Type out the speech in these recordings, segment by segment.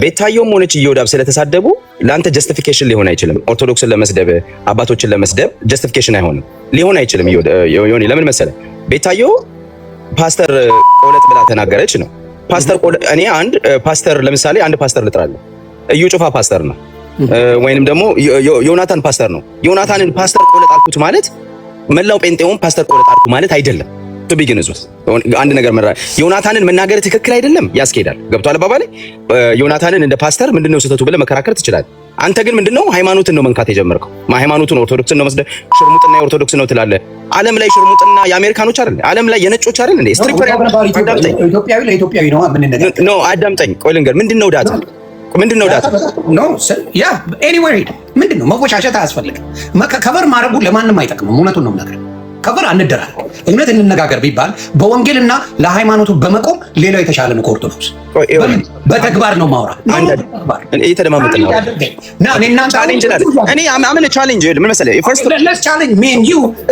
ቤታየውም ሆነች እየወዳብ ስለተሳደቡ ለአንተ ጀስቲፊኬሽን ሊሆን አይችልም። ኦርቶዶክስን ለመስደብ አባቶችን ለመስደብ ጀስቲፊኬሽን አይሆንም፣ ሊሆን አይችልም። ሆ ለምን መሰለ ቤታዮ ፓስተር ቆለጥ ብላ ተናገረች ነው ፓስተር ቆለጥ። እኔ አንድ ፓስተር ለምሳሌ አንድ ፓስተር ልጥራለሁ። እዩ ጩፋ ፓስተር ነው ወይንም ደግሞ ዮናታን ፓስተር ነው። ዮናታንን ፓስተር ቆለጥ አልኩት ማለት መላው ጴንጤውን ፓስተር ቆለጥ አልኩ ማለት አይደለም። ቱ ቢግን ዙት አንድ ነገር መራ ዮናታንን መናገር ትክክል አይደለም፣ ያስኬዳል። ገብቷል አባባሌ። ዮናታንን እንደ ፓስተር ምንድነው ስህተቱ ብለህ መከራከር ትችላለህ። አንተ ግን ምንድነው ሃይማኖትን ነው መንካት የጀመርከው። ሃይማኖቱን ኦርቶዶክስን ነው መስደ ሽርሙጥና የኦርቶዶክስ ነው ትላለህ። ዓለም ላይ ሽርሙጥና የአሜሪካኖች አይደል? ዓለም ላይ የነጮች አይደል? እንዴ ስትሪፐር ኢትዮጵያዊ ለኢትዮጵያዊ ነው ምን ነገር ነው? አዳምጠኝ፣ ቆይ ልንገር። ምንድነው ዳታ ምንድነው ዳታ ኖ ያ ኤኒዌይ ምንድነው መወሻሸት አያስፈልግም። ከበር ማድረጉ ለማንም አይጠቅምም። እውነቱን ነው የምነግርህ ከበር አንደራል እውነት እንነጋገር ቢባል በወንጌልና ለሃይማኖቱ በመቆም ሌላው የተሻለ ነው። ከኦርቶዶክስ በተግባር ነው ማውራ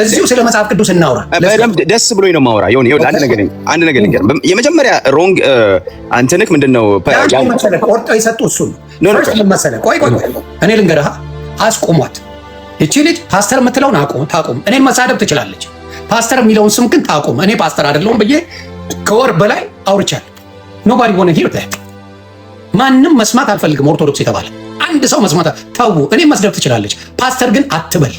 እዚሁ ስለ መጽሐፍ ቅዱስ እናውራ። ደስ ብሎኝ ነው ማውራ። አንድ ነገር የመጀመሪያ ሮንግ አንትንክ ምንድን ነው የሰጡ እሱ ነው መሰለህ። ቆይ ቆይ እኔ ልንገርህ አስቆሟት እቺ ልጅ ፓስተር የምትለውን ታቁም። እኔን መሳደብ ትችላለች። ፓስተር የሚለውን ስም ግን ታቁም። እኔ ፓስተር አይደለሁም ብዬ ከወር በላይ አውርቻል ኖባዲ ሆነ ሂር ማንም መስማት አልፈልግም። ኦርቶዶክስ የተባለ አንድ ሰው መስማት ታው እኔ መስደብ ትችላለች። ፓስተር ግን አትበል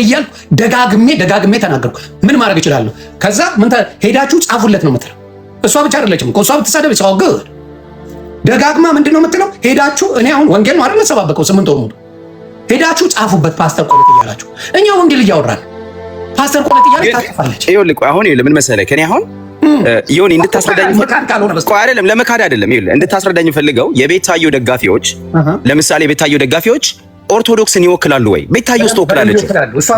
እያልኩ ደጋግሜ ደጋግሜ ተናገርኩ። ምን ማድረግ እችላለሁ? ከዛ ምን ሄዳችሁ ጻፉለት ነው የምትለው። እሷ ብቻ አይደለችም እኮ እሷ ብትሳደብ ሰው ደጋግማ ምንድን ነው የምትለው? ሄዳችሁ እኔ አሁን ወንጌል ነው አይደል ሰባበቀው ስምንት ወር ሙሉ ሄዳችሁ ጻፉበት። ፓስተር ቆለጥ እያላችሁ እኛ ወንጌል እያወራል ፓስተር ቆለጥ እያለች ታጽፋለች። ይኸውልህ አሁን ይኸውልህ ምን መሰለህ ከኔ አሁን ይሁን እንድታስረዳኝ ቆይ አይደለም ለመካድ አይደለም ይኸውልህ እንድታስረዳኝ ፈልገው የቤታዮ ደጋፊዎች ለምሳሌ የቤታዮ ደጋፊዎች ኦርቶዶክስን ይወክላሉ ወይ? ቤታዮ ውስጥ ትወክላለች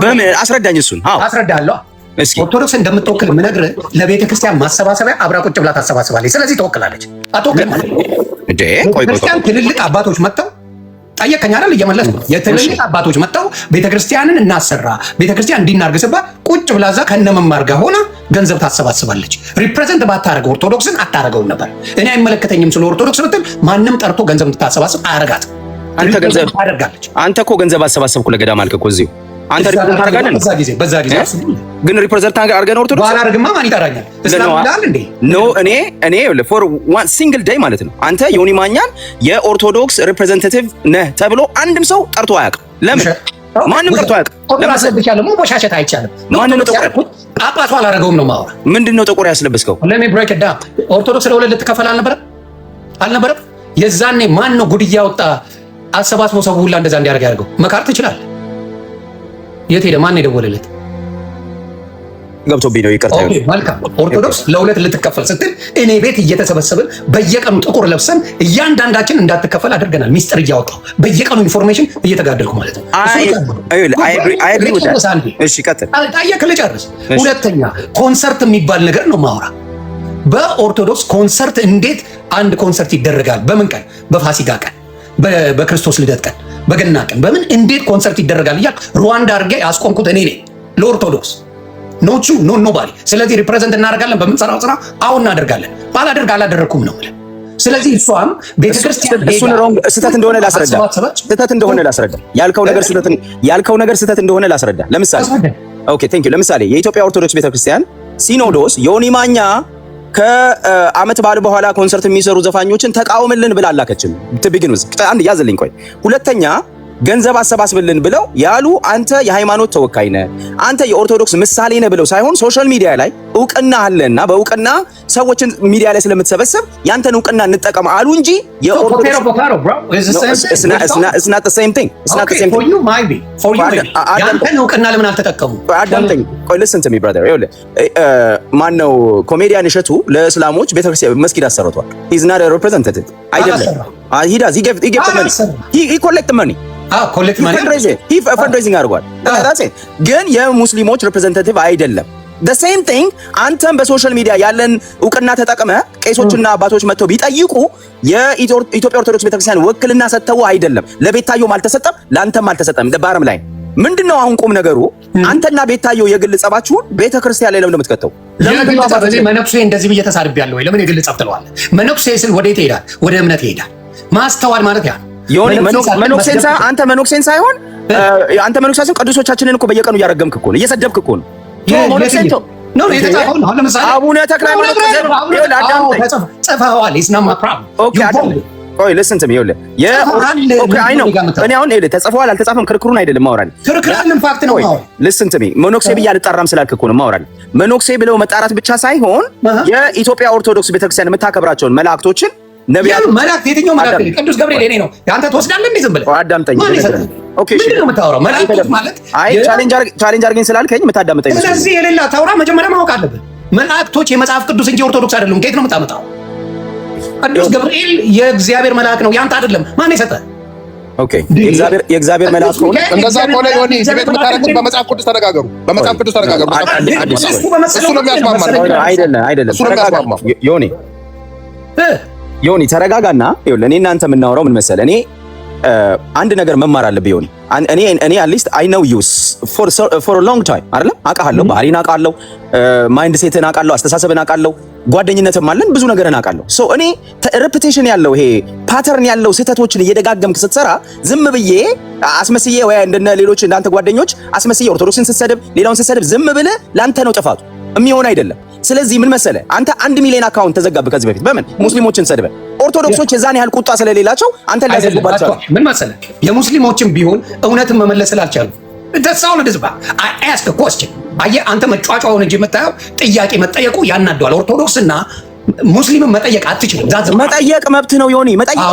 በምን አስረዳኝ። እሱን አዎ አስረዳለሁ። እስኪ ኦርቶዶክስ እንደምትወክል ምነግርህ ለቤተ ክርስቲያን ማሰባሰቢያ አብራ ቁጭ ብላ ታሰባስባለች። ስለዚህ ትወክላለች። አትወክልም ማለት ነው። ክርስቲያን ትልልቅ አባቶች መጥተው ጠየቀኝ አይደል? እየመለስኩ ነው። የትልልቅ አባቶች መጥተው ቤተክርስቲያንን እናሰራ ቤተክርስቲያን እንዲናርግ ቁጭ ብላ እዛ ከነመማር ጋር ሆና ገንዘብ ታሰባስባለች። ሪፕሬዘንት ባታደርገው ኦርቶዶክስን አታደርገውም ነበር። እኔ አይመለከተኝም ስለ ኦርቶዶክስ ብትል ማንም ጠርቶ ገንዘብ እንድታሰባስብ አያደርጋትም። አንተ እኮ ገንዘብ አሰባሰብኩ ለገዳም አልክ እኮ እዚሁ አንተ ሪፕሬዘንት አድርጋለን። በዛ ጊዜ በዛ ጊዜ ግን ሪፕሬዘንት አድርገን ኦርቶዶክስ ባላርግማ ማን ይጠራኛል? እስላም እንዳል እንዴ? ኖ እኔ እኔ ፎር ዋን ሲንግል ዴይ ማለት ነው። አንተ ዮኒ ማኛን የኦርቶዶክስ ሪፕሬዘንታቲቭ ነህ ተብሎ አንድም ሰው ጠርቶ አያውቅም። ለምን ማንም ጠርቶ አያውቅም? ለምን መቦሻሸት አይቻልም። ማንን ጠርቶ ጳጳሱ አላደረገውም ነው ማውራ። ምንድነው ጥቁር ያስለብስከው? ለሚ ብሬክ ዳ ኦርቶዶክስ ለሁለት ልትከፈል አልነበረም አልነበረም? የዛኔ ማን ነው ጉድ እያወጣ አሰባስቦ ሰው ሁላ እንደዛ እንዲያደርግ ያደርገው? መካር ትችላለህ የት ሄደ? ማን የደወለለት? ገብቶብኝ ነው። ይቅርታ። መልካም ኦርቶዶክስ ለሁለት ልትከፈል ስትል እኔ ቤት እየተሰበሰብን በየቀኑ ጥቁር ለብሰን እያንዳንዳችን እንዳትከፈል አድርገናል። ሚስጥር እያወጣው በየቀኑ ኢንፎርሜሽን እየተጋደልኩ ማለት ነው። ልጨርስ። ሁለተኛ ኮንሰርት የሚባል ነገር ነው ማውራ በኦርቶዶክስ ኮንሰርት እንዴት አንድ ኮንሰርት ይደረጋል? በምን ቀን? በፋሲካ ቀን፣ በክርስቶስ ልደት ቀን በገና ቀን በምን እንዴት ኮንሰርት ይደረጋል እያልኩ ሩዋንዳ አድርጌ ያስቆምኩት እኔ ነኝ ለኦርቶዶክስ ኖ ቹ ኖ ኖባዲ። ስለዚህ ሪፕሬዘንት እናደርጋለን በምንሰራው ስራ አሁን እናደርጋለን። ባላደርግ አላደረግኩም ነው የምልህ። ስለዚህ እሷም ቤተክርስቲያን ስህተት እንደሆነ ላስረዳ ስህተት እንደሆነ ላስረዳ ያልከው ነገር ስህተት ያልከው ነገር ስህተት እንደሆነ ላስረዳ። ለምሳሌ ኦኬ ቴንክ ዩ። ለምሳሌ የኢትዮጵያ ኦርቶዶክስ ቤተክርስቲያን ሲኖዶስ ዮኒ ማኛ ከአመት በዓል በኋላ ኮንሰርት የሚሰሩ ዘፋኞችን ተቃውምልን ብላ አላከችም። ትብግን አንድ ያዘልኝ ቆይ ሁለተኛ ገንዘብ አሰባስብልን ብለው ያሉ አንተ የሃይማኖት ተወካይ ነህ፣ አንተ የኦርቶዶክስ ምሳሌ ነህ ብለው ሳይሆን ሶሻል ሚዲያ ላይ እውቅና አለና በእውቅና ሰዎችን ሚዲያ ላይ ስለምትሰበስብ ያንተን እውቅና እንጠቀም አሉ እንጂ ማነው ኮሜዲያን እሸቱ ለእስላሞች ቤተክርስቲያን መስጊድ አሰርቷል። ሂዝ ናት ሪፕሬዘንታቲቭ አይደለም ፈንድሬዚንግ ah, ah. አድርጓል። ah. ግን የሙስሊሞች ሪፕሬዘንታቲቭ አይደለም። ሴም ቲንግ አንተም በሶሻል ሚዲያ ያለን እውቅና ተጠቅመ ቄሶችና hmm. አባቶች መጥተው ቢጠይቁ የኢትዮጵያ ኦርቶዶክስ ቤተክርስቲያን ውክልና ሰጥተው አይደለም። ለቤታዮም አልተሰጠም፣ ለአንተም አልተሰጠም። ባረም ላይ ምንድነው አሁን ቁም ነገሩ? Hmm. አንተና ቤታዮ የግል ጸባችሁን ቤተክርስቲያን ላይ ለምን ምትከተው? መነኩሴ እንደዚህ ብዬ ተሳድቤያለሁ ወይ? ለምን የግል ጸብ ትለዋለህ? መነኩሴ ስል ወዴት ይሄዳል? ወደ እምነት ይሄዳል። ማስተዋል ማለት ያ ነው። የሆነ መኖክሴን ሳይሆን አንተ መኖክሴን ሳይሆን አንተ ቅዱሶቻችንን እኮ በየቀኑ እያረገምክ እኮ ነው፣ እየሰደብክ እኮ ነው። አቡነ ተጽፈዋል አልተጻፈም፣ ክርክሩን አይደለም ማውራል። ልስን መኖክሴ ብዬ አልጠራም ስላልክ እኮ ነው ማውራል። መኖክሴ ብለው መጣራት ብቻ ሳይሆን የኢትዮጵያ ኦርቶዶክስ ቤተክርስቲያን የምታከብራቸውን መላእክቶችን ነቢያት መላእክት የትኛው መላእክት ቅዱስ ገብርኤል የኔ ነው ያንተ ትወስዳለህ እንዴ ዝም ብለህ አዳምጠኝ ኦኬ እሺ ምንድነው የምታወራው መላእክት ማለት አይ ቻሌንጅ ቻሌንጅ አድርገኝ ስላልከኝ የምታዳምጠኝ ስለዚህ የሌላ ታውራ መጀመሪያ ማወቅ አለብህ መላእክቶች የመጽሐፍ ቅዱስ እንጂ ኦርቶዶክስ አይደሉም ከየት ነው የምታመጣው ቅዱስ ገብርኤል የእግዚአብሔር መልአክ ነው ያንተ አይደለም ማን የሰጠህ ኦኬ የእግዚአብሔር መልአክ ከሆነ እንደዛ ከሆነ ዮኒ ስሜት መታረቁን በመጽሐፍ ቅዱስ ተነጋገሩ። በመጽሐፍ ቅዱስ ተነጋገሩ። አይደለም አይደለም። እሱ ነው የሚያስማማ ዮኒ ተረጋጋና፣ ይኸውልህ እኔ እናንተ የምናወራው ምን መሰለህ፣ እኔ አንድ ነገር መማር አለብህ ዮኒ። እኔ እኔ አትሊስት አይ ኖው ዩስ ፎር ፎር ሎንግ ታይም አይደለ? አውቃለሁ፣ ባህሪን አውቃለሁ፣ ማይንድ ሴትን አውቃለሁ፣ አስተሳሰብን አውቃለሁ፣ ጓደኝነትም አለን፣ ብዙ ነገርን አውቃለሁ። ሶ እኔ ሬፒቴሽን ያለው ይሄ ፓተርን ያለው ስህተቶችን እየደጋገምክ ስትሰራ ዝም ብዬ አስመስዬ ወይ እንደነ ሌሎች እንዳንተ ጓደኞች አስመስዬ ኦርቶዶክስን ስትሰድብ፣ ሌላውን ስትሰድብ ዝም ብለህ ላንተ ነው ጥፋቱ የሚሆን አይደለም። ስለዚህ ምን መሰለ አንተ አንድ ሚሊዮን አካውንት ተዘጋብህ ከዚህ በፊት በምን ሙስሊሞችን ሰድበህ። ኦርቶዶክሶች የዛን ያህል ቁጣ ስለሌላቸው አንተ ሊያዘጉባቸው ምን መሰለ የሙስሊሞችን ቢሆን እውነትን መመለስ ስላልቻሉ ደሳውን ድዝባ አያስከ ኮስችን አየህ አንተ መጫጫውን እንጂ የምታየው ጥያቄ መጠየቁ ያናደዋል። ኦርቶዶክስና ሙስሊምን መጠየቅ አትችልም። ዛዝ መጠየቅ መብት ነው። ዮኒ መጠየቅ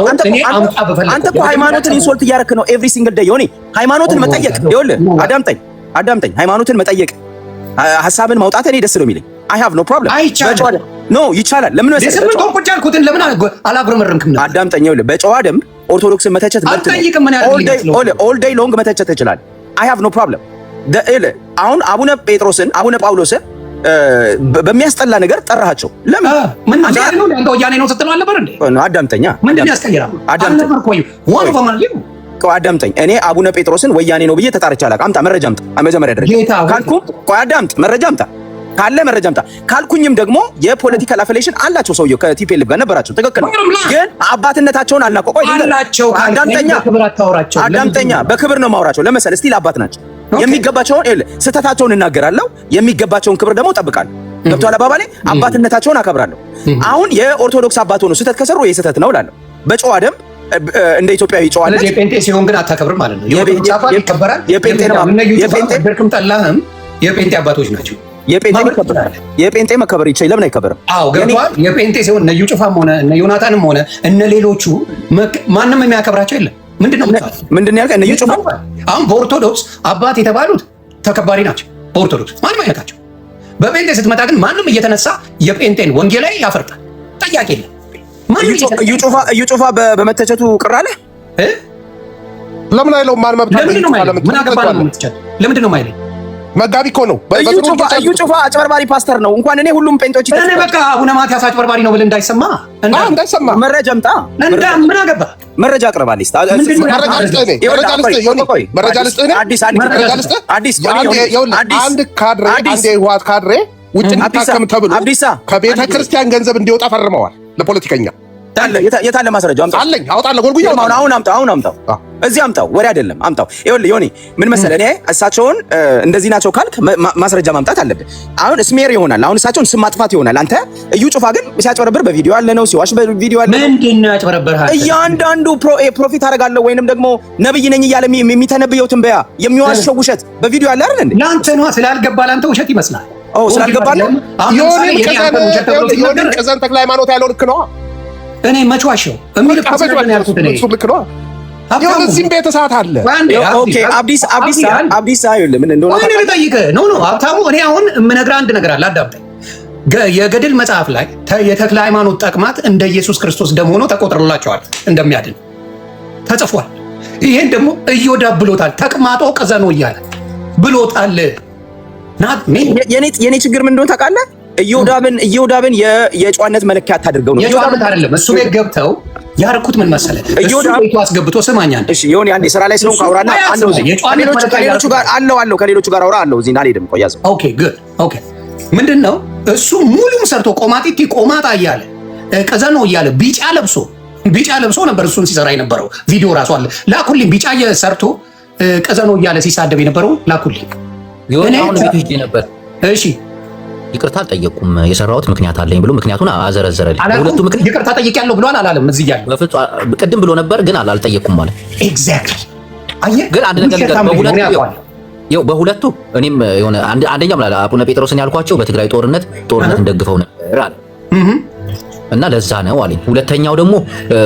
አንተ እኮ ሃይማኖትን ኢንሶልት እያደረክ ነው። ኤቭሪ ሲንግል ዴይ ዮኒ ሃይማኖትን መጠየቅ ይኸውልህ፣ አዳምጠኝ አዳምጠኝ። ሃይማኖትን መጠየቅ ሀሳብን ማውጣት እኔ ደስ ነው የሚለኝ አይ ሃቭ ኖ ፕሮብለም ኖ ይቻላል። ለምን አላጉረመረምክም? በጨዋ ደንብ ኦርቶዶክስን መተቸት መብት ኦል ዴይ ሎንግ መተቸት ትችላለህ። አይ ሃቭ ኖ ፕሮብለም። አሁን አቡነ ጴጥሮስን አቡነ ጳውሎስን በሚያስጠላ ነገር ጠራሃቸው። ለምን አዳምጠኝ። እኔ አቡነ ጴጥሮስን ወያኔ ነው ብዬ ተጣርቻለሁ። አምጣ መረጃ አምጣ። መጀመሪያ ደረጃ ካልኩም አዳምጥ፣ መረጃ አምጣ ካለ መረጃ አምጣ ካልኩኝም ደግሞ የፖለቲካል አፌሌሽን አላቸው። ሰውየው ከቲፒኤልኤፍ ጋር ነበራቸው። ትክክል ነው፣ ግን አባትነታቸውን አልናቆቆ አላቸው። አዳምጠኛ ክብር አታወራቸው። አዳምጠኛ፣ በክብር ነው ማውራቸው። ለምሳሌ ስቲል አባት ናቸው የሚገባቸውን ስህተታቸውን እናገራለሁ፣ የሚገባቸውን ክብር ደግሞ እጠብቃለሁ። ገብቶሃል አባባሌ? አባትነታቸውን አከብራለሁ። አሁን የኦርቶዶክስ አባት ሆኖ ስህተት ከሰሩ ይህ ነው እላለሁ በጨዋ ደንብ እንደ ኢትዮጵያዊ ጨዋነት የጴንጤ ሲሆን ግን አታከብርም ማለት ነው። የኦርቶዶክስ አባት ይከበራል። የጴንጤ ነው የጴንጤ ብርክም ጠላህም የጴንጤ አባቶች ናቸው። የጴንጤ መከበር ይቻላል። ለምን አይከበርም? አዎ ገብቷል። የጴንጤ ሲሆን እነ ዩጭፋም ሆነ እነ ዮናታንም ሆነ እነ ሌሎቹ ማንም የሚያከብራቸው የለም። ምንድነው ምንድን ያልከ እነ ዩጭፋ አሁን በኦርቶዶክስ አባት የተባሉት ተከባሪ ናቸው። በኦርቶዶክስ ማንም አይነካቸው። በጴንጤ ስትመጣ ግን ማንም እየተነሳ የጴንጤን ወንጌላዊ ያፈርጣል። ጠያቂ የለም። ዩጩፋ በመተቸቱ ቅር አለ። ለምን አይለው? ማን መብት ለምንድን ነው የማይለኝ? መጋቢ እኮ ነው። እዩ ጩፋ አጭበርባሪ ፓስተር ነው። እንኳን እኔ ሁሉም ጴንጦች እኔ በቃ አቡነ ማትያስ አጭበርባሪ ነው ብል እንዳይሰማ እንዳይሰማ መረጃ ምጣ። ምን አገባ መረጃ አቅርባለች። አንድ ካድሬ አንድ የህወሓት ካድሬ ውጭ እንድታከም ተብሎ ከቤተ ክርስቲያን ገንዘብ እንዲወጣ ፈርመዋል ለፖለቲከኛ የታለ ማስረጃው? አምጣ አለኝ። አውጣለሁ። ጎልጉያ አሁን አሁን አምጣው፣ አሁን አምጣው፣ እዚህ አምጣው። ወሬ አይደለም፣ አምጣው። ይኸውልህ ዮኒ፣ ምን መሰለህ፣ እኔ እሳቸውን እንደዚህ ናቸው ካልክ ማስረጃ ማምጣት አለብህ። አሁን ስሜር ይሆናል፣ አሁን እሳቸውን ስም ማጥፋት ይሆናል። አንተ እዩ ጩፋ ግን ሲያጭበረብር በቪዲዮ አለ ነው፣ ሲዋሽ በቪዲዮ አለ። ምንድን ነው ያጭበረብርሃል? እያንዳንዱ ፕሮፊት አደርጋለሁ ወይንም ደግሞ ነብይ ነኝ እያለ የሚተነብየው ትንበያ የሚዋሸው ውሸት በቪዲዮ አለ አይደል እንዴ? ለአንተ ነው ስላልገባ፣ ለአንተ ውሸት ይመስላል። ኦ ስላልገባለህ ዮኒ፣ ቀዘን ተክለ ሃይማኖት ያለው ልክ ነው እኔ መችዋሸው የሚልኩት ያልኩት ልክ ነው። እዚህም ቤት አለ። አብዲስ አብዲስ አይደለም ምን ሀብታሙ፣ እኔ አሁን የምነግርህ አንድ ነገር አለ፣ አዳምጠኝ። የገድል መጽሐፍ ላይ የተክለ ሃይማኖት ጠቅማት እንደ ኢየሱስ ክርስቶስ ደም ሆኖ ተቆጥሮላቸዋል እንደሚያድን ተጽፏል። ይሄን ደግሞ እዮዳ ብሎታል። ተቅማጦ ቀዘኖ እያለ ብሎታል። የኔ ችግር ምን እንደሆነ ታውቃለህ? እዮዳብን እዮዳብን የጨዋነት መለኪያ አታድርገው ነው። እዮዳብ አይደለም እሱ ቤት ገብተው ያርኩት ምን መሰለህ፣ እዮዳብ ቤቱ አስገብቶ ስማኛል። እሺ ይሁን፣ ያኔ ስራ ላይ ስለሆንኩ አውራና አለው። እዚህ የጨዋነት ከሌሎቹ ጋር አለው አለው ከሌሎቹ ጋር አውራ አለው። እዚህ አልሄድም። ቆይ ያዘው። ኦኬ ጉድ ኦኬ። ምንድን ነው እሱ ሙሉም ሰርቶ ቆማጢቲ ቆማጣ እያለ ቀዘኖ እያለ ቢጫ ለብሶ ቢጫ ለብሶ ነበር እሱን ሲሰራ የነበረው። ቪዲዮ ራሱ አለ ላኩልኝ። ቢጫ ሰርቶ ቀዘኖ እያለ ሲሳደብ የነበረው ላኩልኝ። እሺ ይቅርታ አልጠየቁም፣ የሰራሁት ምክንያት አለኝ ብሎ ምክንያቱን አዘረዘረልኝ። ሁለቱ ምክንያት ይቅርታ ጠይቄያለሁ ብሏል አላለም? እዚህ እያለ ቅድም ብሎ ነበር ግን አልጠየቁም ማለት ኤግዛክትሊ። አየህ ግን አንድ ነገር ይኸው በሁለቱ እኔም የሆነ አንደኛው ላ አቡነ ጴጥሮስን ያልኳቸው በትግራይ ጦርነት ጦርነት እንደግፈው ነበር አለ እና ለዛ ነው አለኝ። ሁለተኛው ደግሞ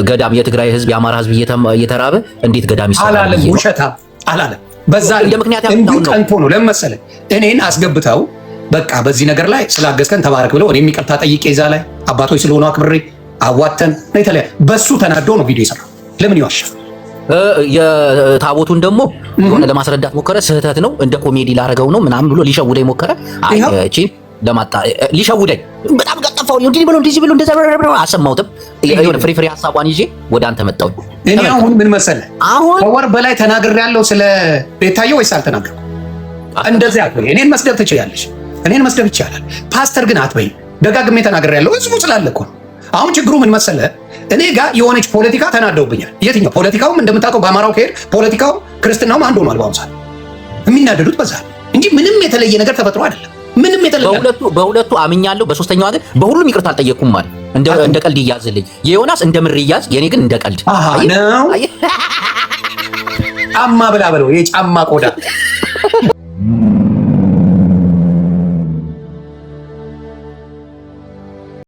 ገዳም የትግራይ ህዝብ የአማራ ህዝብ እየተራበ እንዴት ገዳም ይሰራል ውሸታ አላለም። በዛ እንደ ምክንያት ያመጣው ነው። ለመሰለ እኔን አስገብተው በቃ በዚህ ነገር ላይ ስላገዝከን ተባረክ ብለው እኔ ይቅርታ ጠይቄ ይዛ ላይ አባቶች ስለሆኑ አክብሬ አዋተን ነው የተለያ በሱ ተናዶ ነው ቪዲዮ የሰራ ለምን ይዋሻል? የታቦቱን ደግሞ የሆነ ለማስረዳት ሞከረ። ስህተት ነው እንደ ኮሜዲ ላረገው ነው ምናምን ብሎ ሊሸውደኝ ሞከረ። ቺን ለማጣ ሊሸውደኝ በጣም ቀጠፋው። እንዲህ ብሎ እንዲህ ብሎ እንደዛ ብሎ አሰማሁትም። የሆነ ፍሪ ፍሪ ሀሳቧን ይዤ ወደ አንተ መጣሁ። እኔ አሁን ምን መሰለ አሁን ከወር በላይ ተናግሬያለሁ ስለ ቤታየው ወይስ አልተናገርኩም? እንደዚህ አትበል። እኔን መስደብ ትችላለች እኔን መስደብ ይቻላል። ፓስተር ግን አትበይ። ደጋግሜ ተናገር ያለው ህዝቡ ስላለ እኮ ነው። አሁን ችግሩ ምን መሰለ? እኔ ጋር የሆነች ፖለቲካ ተናደውብኛል። የትኛው ፖለቲካውም እንደምታውቀው በአማራው ከሄድ ፖለቲካው ክርስትናውም አንድ ሆኗል። በአሁኑ ሰዓት የሚናደዱት በዛ እንጂ ምንም የተለየ ነገር ተፈጥሮ አይደለም። ምንም የተለየ በሁለቱ በሁለቱ አምኛለሁ። በሶስተኛው ግን በሁሉም ይቅርታ አልጠየቅኩም ማለት እንደ እንደ ቀልድ ይያዝልኝ። የዮናስ እንደ ምር ይያዝ፣ የኔ ግን እንደ ቀልድ ነው። ጫማ ብላ በለው የጫማ ቆዳ